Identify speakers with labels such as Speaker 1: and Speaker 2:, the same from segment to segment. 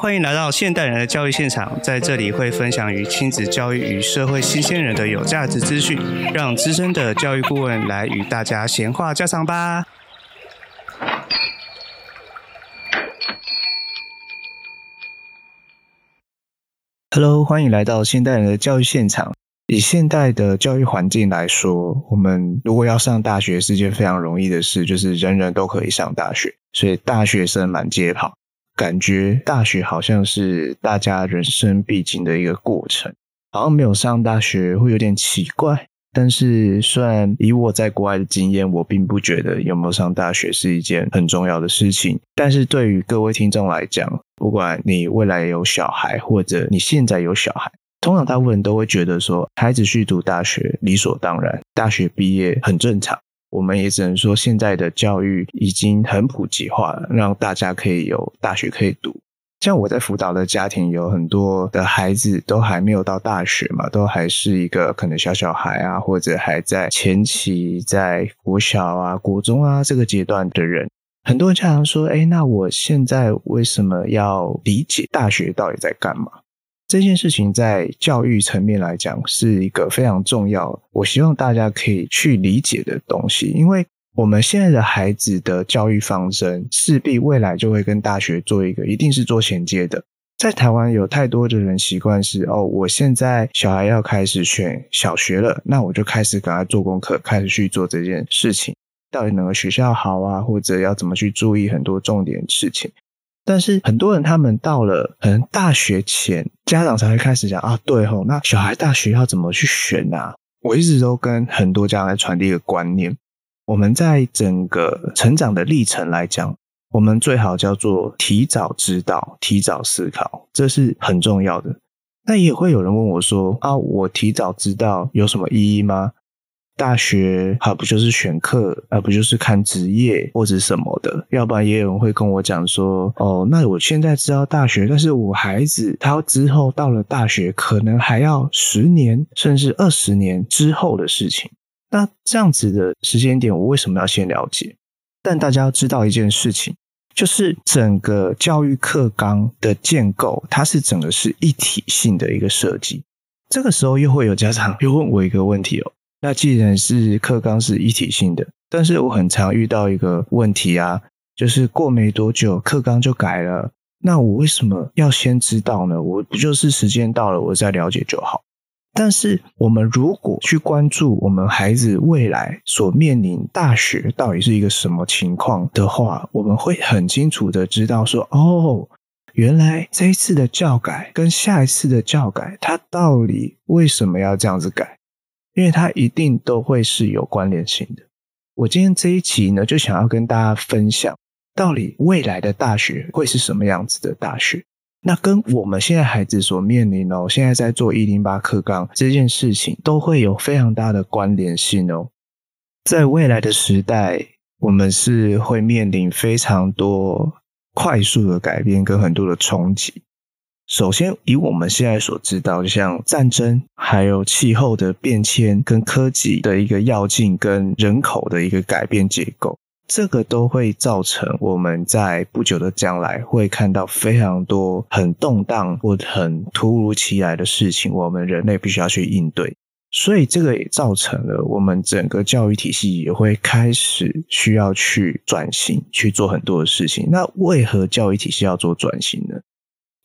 Speaker 1: 歡迎來到現代人的教育現場，在這裡會分享與親子教育與社會新鮮人的有價值資訊，讓資深的教育顧問來與大家閒話家常吧。Hello，歡迎來到現代人的教育現場。以現代的教育環境來說，我們如果要上大學是件非常容易的事，就是人人都可以上大學，所以大學生滿街跑。感覺大學好像是大家人生必經的一個過程，好像沒有上大學會有點奇怪。但是，雖然以我在國外的經驗，我並不覺得有沒有上大學是一件很重要的事情。但是對於各位聽眾來講，不管你未來有小孩，或者你現在有小孩，通常大部分人都會覺得說，孩子去讀大學理所當然，大學畢業很正常。我們也只能說，現在的教育已經很普及化了，讓大家可以有大學可以讀。像我在輔導的家庭，有很多的孩子都還沒有到大學嘛，都還是一個可能小小孩啊，或者還在前期在國小啊、國中啊這個階段的人。很多人常常說：“哎，那我現在為什麼要理解大學到底在幹嘛？”這件事情在教育層面來講是一個非常重要、我希望大家可以去理解的東西，因為我們現在的孩子的教育方針勢必未來就會跟大學做一個，一定是做銜接的。在台灣有太多的人習慣是哦，我現在小孩要開始選小學了，那我就開始給他做功課，開始去做這件事情，到底哪個學校好啊，或者要怎麼去注意很多重點事情。但是很多人，他們到了可能大學前，家長才會開始講啊，對吼，那小孩大學要怎麼去選吶？我一直都跟很多家長來傳遞一個觀念，我們在整個成長的歷程來講，我們最好叫做提早知道、提早思考，這是很重要的。那也會有人問我說啊，我提早知道有什麼意義嗎？大學啊不就是選課，啊不就是看職業或者什麼的？要不然也有人會跟我講說：“哦，那我現在知道大學，但是我孩子他之後到了大學，可能還要十年甚至二十年之後的事情。那這樣子的時間點，我為什麼要先了解？”但大家要知道一件事情，就是整個教育課綱的建構，它是整個是一體性的一個設計。這個時候又會有家長又問我一個問題哦。那既然是課綱是一體性的，但是我很常遇到一個問題啊，就是過沒多久課綱就改了，那我為什麼要先知道呢？我不就是時間到了，我再了解就好。但是我們如果去關注我們孩子未來所面臨大學到底是一個什麼情況的話，我們會很清楚的知道說，哦，原來這一次的教改跟下一次的教改，它到底為什麼要這樣子改？因為它一定都會是有關聯性的。我今天這一集呢，就想要跟大家分享，到底未來的大學會是什麼樣子的大學？那跟我們現在孩子所面臨哦，現在在做一零八課綱這件事情，都會有非常大的關聯性哦。在未來的時代，我們是會面臨非常多快速的改變跟很多的衝擊。首先，以我們現在所知道，就像戰爭、還有氣候的變遷、跟科技的一個躍進、跟人口的一個改變結構，這個都會造成我們在不久的將來會看到非常多很動盪或很突如其來的事情，我們人類必須要去應對。所以，這個也造成了我們整個教育體系也會開始需要去轉型，去做很多的事情。那為何教育體系要做轉型呢？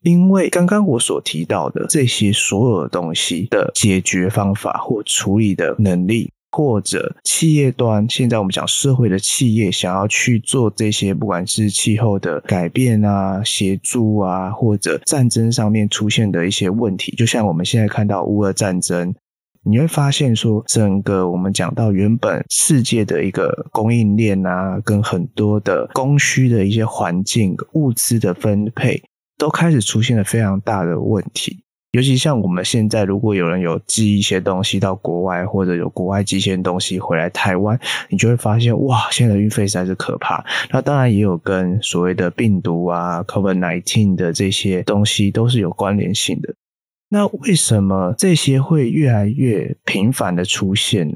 Speaker 1: 因為剛剛我所提到的這些所有東西的解決方法或處理的能力，或者企業端，現在我們講社會的企業想要去做這些，不管是氣候的改變啊、協助啊，或者戰爭上面出現的一些問題，就像我們現在看到烏俄戰爭，你會發現說，整個我們講到原本世界的一個供應鏈啊，跟很多的供需的一些環境、物資的分配。都開始出現了非常大的問題，尤其像我們現在，如果有人有寄一些東西到國外，或者有國外寄一些東西回來台灣，你就會發現，哇，現在的運費實在是可怕。那當然也有跟所謂的病毒啊，COVID-19 的這些東西都是有關聯性的。那為什麼這些會越來越頻繁的出現呢？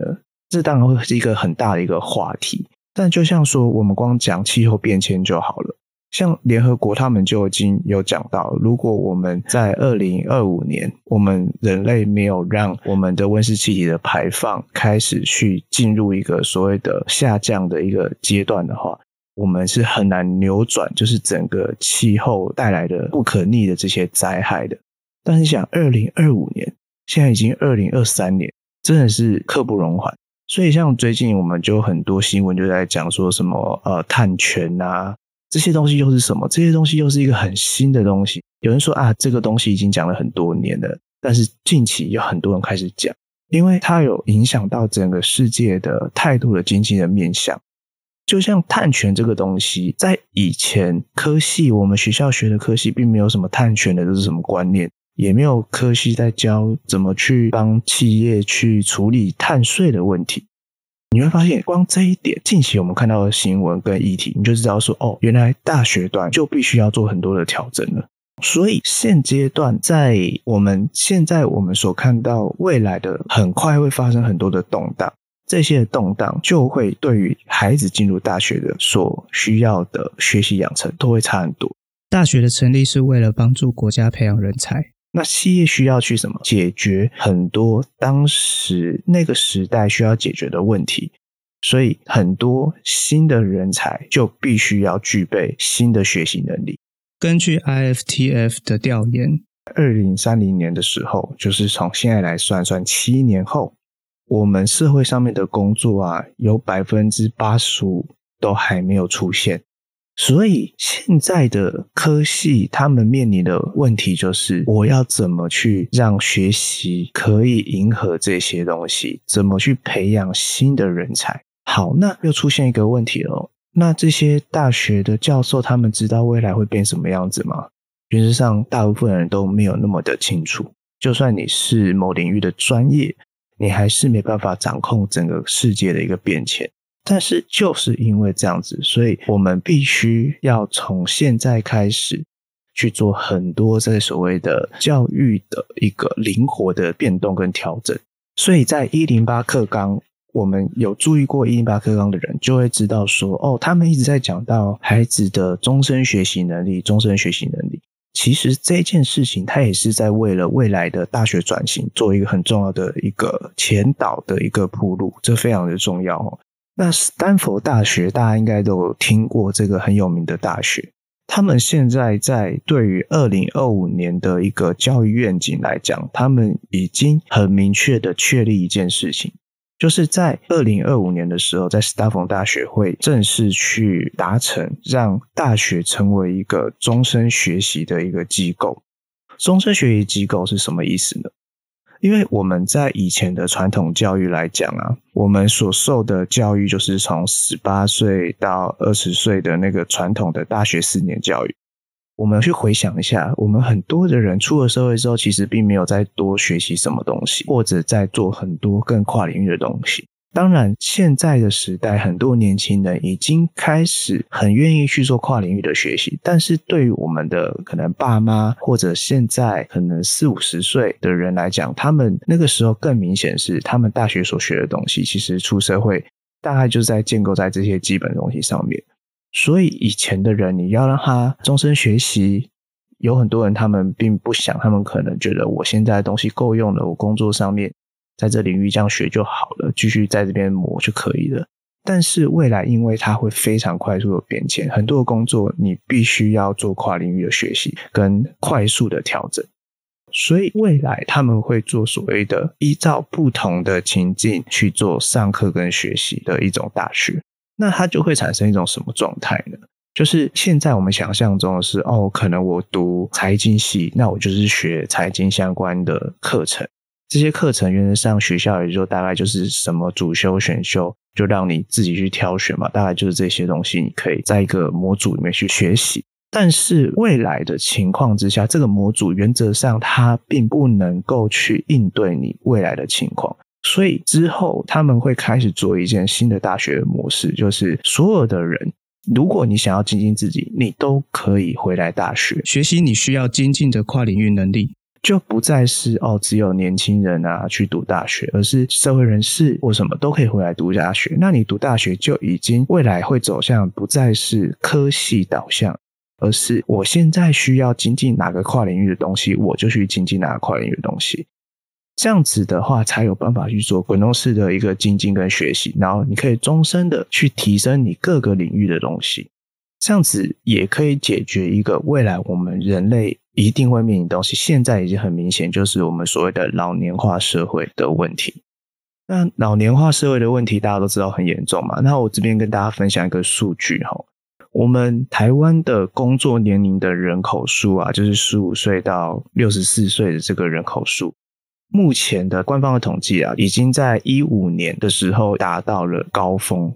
Speaker 1: 這當然會是一個很大的一個話題。但就像說，我們光講氣候變遷就好了。像聯合國他們就已經有講到，如果我們在二零二五年，我們人類沒有讓我們的溫室氣體的排放開始去進入一個所謂的下降的一個階段的話，我們是很難扭轉，就是整個氣候帶來的不可逆的這些災害的。但是想二零二五年，現在已經二零二三年，真的是刻不容緩。所以像最近我們就很多新聞就在講說什麼呃碳權啊。這些東西又是什麼？這些東西又是一個很新的東西。有人說啊，這個東西已經講了很多年了，但是近期有很多人開始講，因為它有影響到整個世界的態度的經濟的面向。就像碳權這個東西，在以前科系，我們學校學的科系，並沒有什麼碳權的這是什麼觀念，也沒有科系在教怎麼去幫企業去處理碳稅的問題。你會發現，光這一點，近期我們看到的新聞跟議題，你就知道說，哦，原來大學端就必須要做很多的調整了。所以現階段，在我們現在我們所看到未來的，很快會發生很多的動盪，這些動盪就會對於孩子進入大學的所需要的學習養成都會差很多。大學的成立是為了幫助國家培養人才。那企業需要去什麼？解決很多當時那個時代需要解決的問題，所以很多新的人才就必須要具備新的學習能力。根據 IFTF 的調研，二零三零年的時候，就是從現在來算算七年後，我們社會上面的工作啊，有百分之八十五都還沒有出現。所以現在的科系，他們面臨的問題就是：我要怎麼去讓學習可以迎合這些東西？怎麼去培養新的人才？好，那又出現一個問題了。那這些大學的教授，他們知道未來會變什麼樣子嗎？原則上，大部分人都沒有那麼的清楚。就算你是某領域的專業，你還是沒辦法掌控整個世界的一個變遷。但是就是因為這樣子，所以我們必須要從現在開始去做很多在所謂的教育的一個靈活的變動跟調整。所以在一零八課綱，我們有注意過一零八課綱的人就會知道說，哦，他們一直在講到孩子的終身學習能力，終身學習能力。其實這件事情，它也是在為了未來的大學轉型做一個很重要的一個前導的一個鋪路，這非常的重要。那斯坦福大學，大家應該都有聽過這個很有名的大學。他們現在在對於二零二五年的一個教育願景來講，他們已經很明確地確立一件事情，就是在二零二五年的時候，在斯坦福大學會正式去達成讓大學成為一個終身學習的一個機構。終身學習機構是什麼意思呢？因為我們在以前的傳統教育來講啊，我們所受的教育就是從十八歲到二十歲的那個傳統的大學四年教育。我們去回想一下，我們很多的人出了社會之後，其實並沒有再多學習什麼東西，或者在做很多更跨領域的東西。當然，現在的時代，很多年輕人已經開始很願意去做跨領域的學習。但是對於我們的可能爸媽或者現在可能四五十歲的人來講，他們那個時候更明顯是他們大學所學的東西，其實出社會大概就在建構在這些基本東西上面。所以以前的人，你要讓他終身學習，有很多人他們並不想，他們可能覺得我現在的東西夠用了，我工作上面，在這領域這樣學就好了，繼續在這邊磨就可以了。但是未來，因為它會非常快速的變遷，很多的工作你必須要做跨領域的學習跟快速的調整。所以未來他們會做所謂的依照不同的情境去做上課跟學習的一種大學。那它就會產生一種什麼狀態呢？就是現在我們想象中的是，哦，可能我讀財經系，那我就是學財經相關的課程。這些課程原則上學校也就大概就是什麼主修、選修，就讓你自己去挑選嘛，大概就是這些東西，你可以在一個模組裡面去學習。但是未來的情況之下，這個模組原則上它並不能夠去應對你未來的情況，所以之後他們會開始做一件新的大學模式，就是所有的人，如果你想要精進自己，你都可以回來大學學習你需要精進的跨領域能力。就不再是哦，只有年輕人啊去讀大學，而是社會人士或什麼都可以回來讀大學。那你讀大學就已經未來會走向不再是科系導向，而是我現在需要精進哪個跨領域的東西，我就去精進哪個跨領域的東西。這樣子的話，才有辦法去做滾動式的一個精進跟學習，然後你可以終身的去提升你各個領域的東西。這樣子也可以解決一個未來我們人類一定會面臨的東西，現在已經很明顯，就是我們所謂的老年化社會的問題。那老年化社會的問題，大家都知道很嚴重嘛。那我這邊跟大家分享一個數據哈，我們台灣的工作年齡的人口數啊，就是十五歲到六十四歲的這個人口數，目前的官方的統計啊，已經在一五年的時候達到了高峰。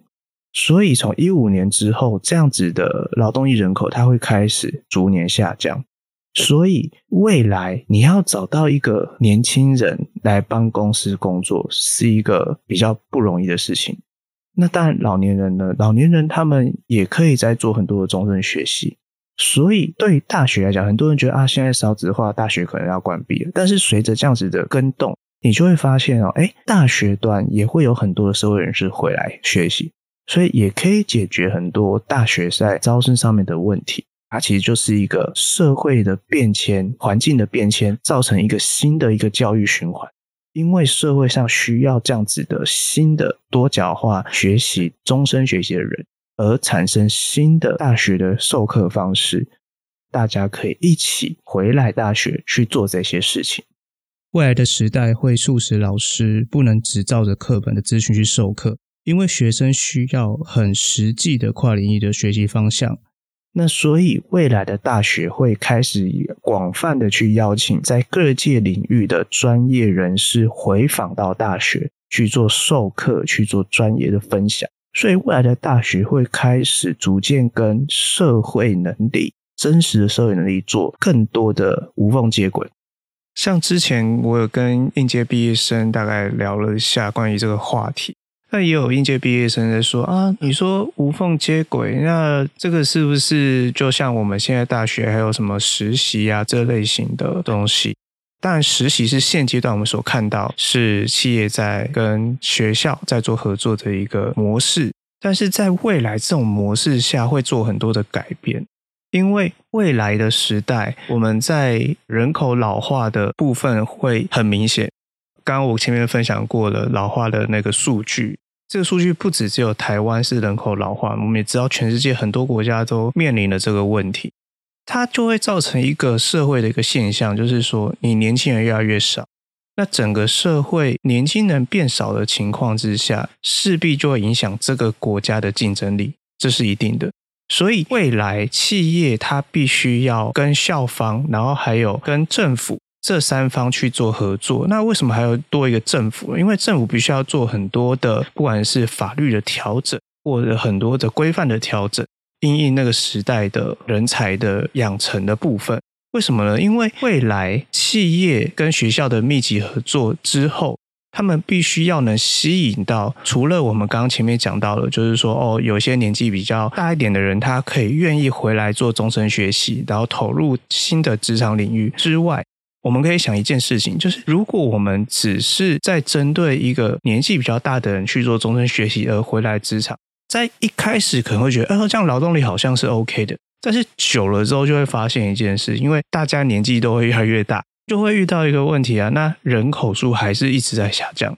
Speaker 1: 所以，從一五年之後，這樣子的勞動力人口，它會開始逐年下降。所以，未來你要找到一個年輕人來幫公司工作，是一個比較不容易的事情。那當然，老年人呢，老年人他們也可以在做很多的終身學習。所以，對於大學來講，很多人覺得啊，現在少子化，大學可能要關閉了。但是，隨着這樣子的更動，你就會發現哦，誒，大學段也會有很多的社會人士回來學習。所以也可以解決很多大學在招生上面的問題。它其實就是一個社會的變遷、環境的變遷，造成一個新的一個教育循環。因為社會上需要這樣子的新的多角化學習、終身學習的人，而產生新的大學的授課方式。大家可以一起回來大學去做這些事情。未來的時代會促使老師不能只照着課本的資訊去授課。因為學生需要很實際的跨領域的學習方向，那所以未來的大學會開始廣泛的去邀請在各界領域的專業人士回訪到大學去做授課、去做專業的分享。所以未來的大學會開始逐漸跟社會能力、真實的社會能力做更多的無縫接軌。像之前我有跟應屆畢業生大概聊了一下關於這個話題。那也有應屆畢業生在說啊，你說無縫接軌，那這個是不是就像我們現在大學還有什麼實習啊這類型的東西？但實習是現階段我們所看到是企業在跟學校在做合作的一個模式，但是在未來這種模式下會做很多的改變，因為未來的時代我們在人口老化的部分會很明顯。剛剛我前面分享過了老化的那個數據。這個數據不只只有台灣是人口老化，我們也知道全世界很多國家都面臨了這個問題，它就會造成一個社會的一個現象，就是說你年輕人越來越少，那整個社會年輕人變少的情況之下，勢必就會影響這個國家的競爭力，這是一定的。所以未來企業它必須要跟校方，然後還有跟政府，這三方去做合作，那為什麼還要多一個政府？因為政府必須要做很多的，不管是法律的調整，或者很多的規範的調整，因應那個時代的人才的養成的部分。為什麼呢？因為未來企業跟學校的密集合作之後，他們必須要能吸引到除了我們剛剛前面講到的，就是說哦，有些年紀比較大一點的人，他可以願意回來做終身學習，然後投入新的職場領域之外。我們可以想一件事情，就是如果我們只是在針對一個年紀比較大的人去做終身學習而回來職場，在一開始可能會覺得，哦，這樣勞動力好像是 OK 的，但是久了之後就會發現一件事，因為大家年紀都會越來越大，就會遇到一個問題啊，那人口數還是一直在下降。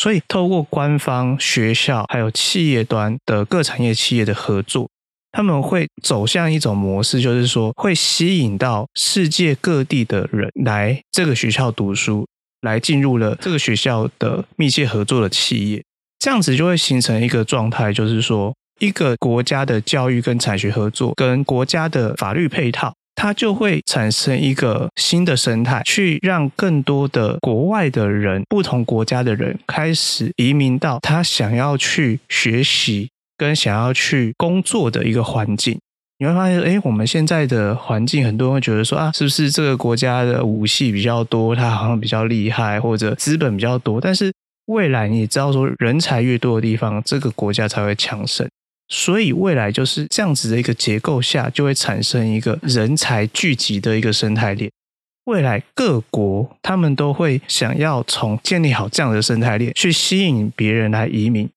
Speaker 1: 所以透過官方、學校還有企業端的各產業企業的合作。他們會走向一種模式，就是說會吸引到世界各地的人來這個學校讀書，來進入了這個學校的密切合作的企業，這樣子就會形成一個狀態，就是說一個國家的教育跟產學合作，跟國家的法律配套，它就會產生一個新的生態，去讓更多的國外的人、不同國家的人開始移民到他想要去學習，跟想要去工作的一個環境，你會發現，哎，我們現在的環境，很多人會覺得說啊，是不是這個國家的武器比較多，它好像比較厲害，或者資本比較多？但是未來你也知道，說人才越多的地方，這個國家才會強盛。所以未來就是這樣子的一個結構下，就會產生一個人才聚集的一個生態鏈。未來各國他們都會想要從建立好這樣的生態鏈，去吸引別人來移民。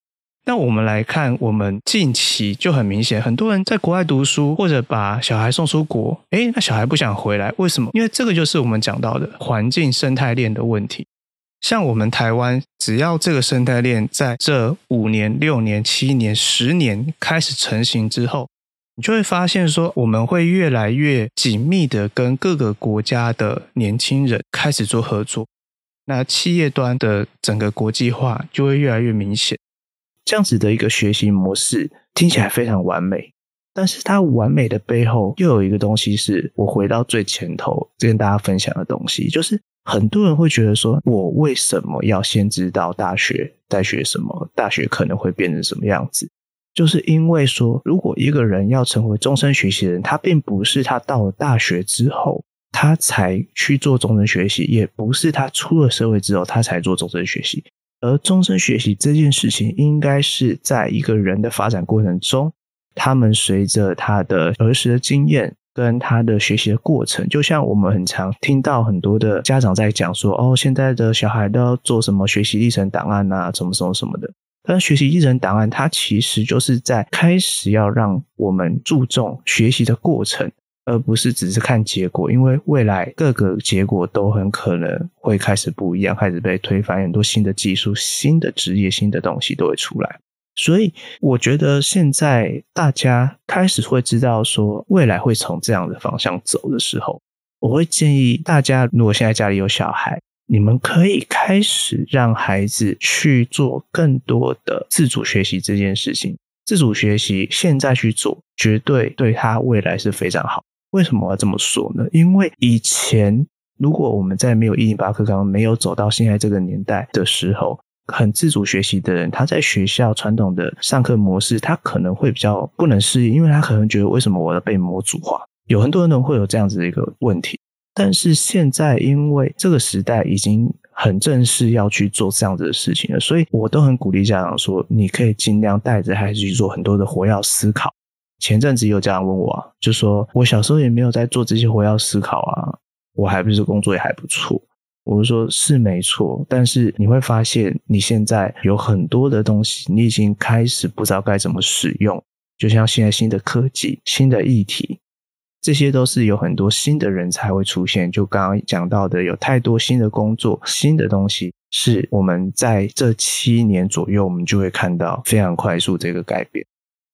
Speaker 1: 那我們來看，我們近期就很明顯，很多人在國外讀書或者把小孩送出國，誒，那小孩不想回來，為什麼？因為這個就是我們講到的環境生態鏈的問題。像我們台灣，只要這個生態鏈在這五年、六年、七年、十年開始成型之後，你就會發現說，我們會越來越緊密的跟各個國家的年輕人開始做合作，那企業端的整個國際化就會越來越明顯。這樣子的一個學習模式聽起來非常完美，但是它完美的背後又有一個東西，是我回到最前頭，跟大家分享的東西，就是很多人會覺得說，我為什麼要先知道大學在學什麼，大學可能會變成什麼樣子？就是因為說，如果一個人要成為終身學習的人，他並不是他到了大學之後他才去做終身學習，也不是他出了社會之後他才做終身學習。而終身學習這件事情，應該是在一個人的發展過程中，他們隨着他的兒時的經驗跟他的學習的過程，就像我們很常聽到很多的家長在講說，哦，現在的小孩都要做什麼學習歷程檔案啊，什麼什麼什麼的。但學習歷程檔案，它其實就是在開始要讓我們注重學習的過程。而不是只是看結果，因為未來各個結果都很可能會開始不一樣，開始被推翻，很多新的技術、新的職業、新的東西都會出來。所以，我覺得現在大家開始會知道說未來會從這樣的方向走的時候，我會建議大家，如果現在家裡有小孩，你們可以開始讓孩子去做更多的自主學習這件事情。自主學習現在去做，絕對對他未來是非常好。為什麼我要這麼說呢？因為以前，如果我們在沒有108課綱，沒有走到現在這個年代的時候，很自主學習的人，他在學校傳統的上課模式，他可能會比較不能適應，因為他可能覺得為什麼我要被模組化？有很多人都會有這樣子的一個問題。但是現在，因為這個時代已經很正式要去做這樣子的事情了，所以我都很鼓勵家長說，你可以盡量帶着孩子去做很多的活，要思考。前陣子有家長問我，啊，就說：“我小時候也沒有在做這些活要思考啊，我還不是工作也還不錯。”我就說是沒錯，但是你會發現你現在有很多的東西，你已經開始不知道該怎麼使用。就像現在新的科技、新的議題，這些都是有很多新的人才會出現。就剛剛講到的，有太多新的工作、新的東西，是我們在這七年左右，我們就會看到非常快速這個改變。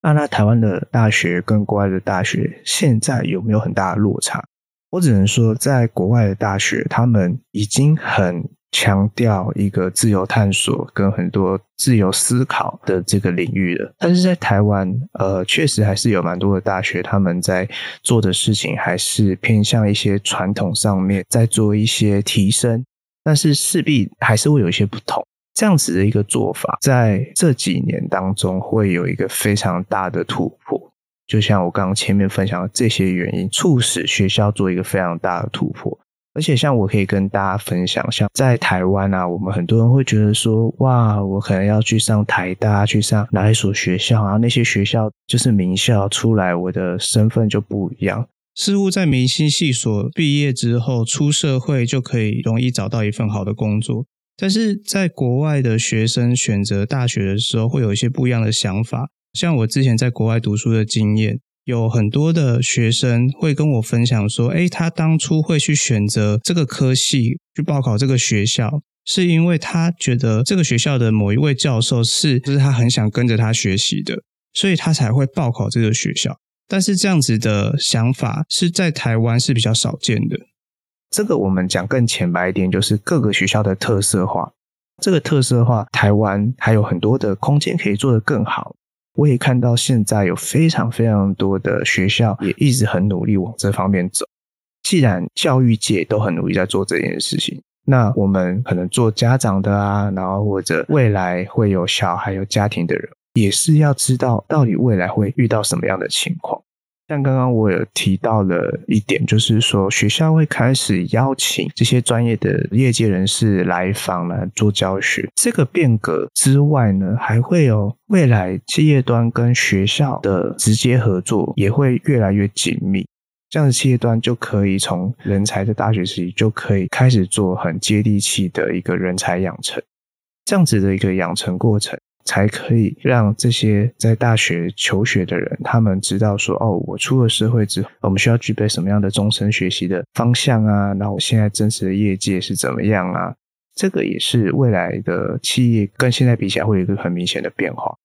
Speaker 1: 那那台灣的大學跟國外的大學現在有沒有很大的落差？我只能說，在國外的大學，他們已經很強調一個自由探索跟很多自由思考的這個領域了。但是在台灣，呃，確實還是有蠻多的大學，他們在做的事情還是偏向一些傳統上面，在做一些提升，但是勢必還是會有一些不同。這樣子的一個做法，在這幾年當中會有一個非常大的突破。就像我剛剛前面分享的這些原因，促使學校做一個非常大的突破。而且，像我可以跟大家分享，像在台灣啊，我們很多人會覺得說，哇，我可能要去上台大，去上哪一所學校啊？啊那些學校就是名校出來，我的身份就不一樣。似乎在明星系所畢業之後，出社會就可以容易找到一份好的工作。但是在國外的學生選擇大學的時候，會有一些不一樣的想法。像我之前在國外讀書的經驗，有很多的學生會跟我分享說：“誒，他當初會去選擇這個科系，去報考這個學校，是因為他覺得這個學校的某一位教授是，就是他很想跟着他學習的，所以他才會報考這個學校。”但是這樣子的想法是在台灣是比較少見的。這個我們講更淺白一點，就是各個學校的特色化。這個特色化，台灣還有很多的空間可以做得更好。我也看到現在有非常非常多的學校也一直很努力往這方面走。既然教育界都很努力在做這件事情，那我們可能做家長的啊，然後或者未來會有小孩有家庭的人，也是要知道到底未來會遇到什麼樣的情況。像剛剛我有提到了一點，就是說學校會開始邀請這些專業的業界人士來訪來做教學。這個變革之外呢，還會有未來企業端跟學校的直接合作也會越來越緊密。這樣的企業端就可以從人才的大學時期就可以開始做很接地氣的一個人才養成，這樣子的一個養成過程。才可以讓這些在大學求學的人，他們知道說，哦，我出了社會之後，我們需要具備什麼樣的終身學習的方向啊？然後我現在真實的業界是怎麼樣啊？這個也是未來的企業跟現在比起來會有一個很明顯的變化。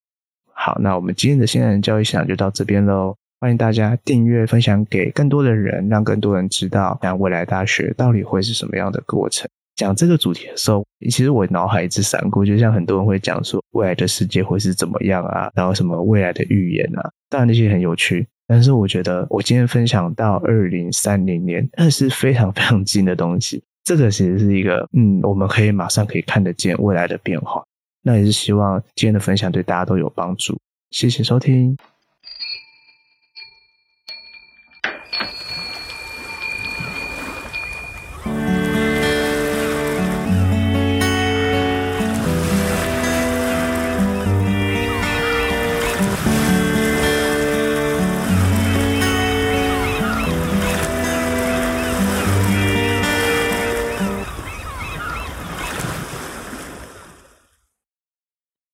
Speaker 1: 好，那我們今天的現代人教育想就到這邊嘍，歡迎大家訂閱、分享給更多的人，讓更多人知道，那、啊、未來大學到底會是什麼樣的過程？講這個主題的時候，其實我腦海一直閃過，就像很多人會講說未來的世界會是怎麼樣啊，然後什麼未來的預言啊，當然那些很有趣，但是我覺得我今天分享到二零三零年，那是非常非常近的東西，這個其實是一個嗯，我們可以馬上可以看得見未來的變化。那也是希望今天的分享對大家都有幫助，謝謝收聽。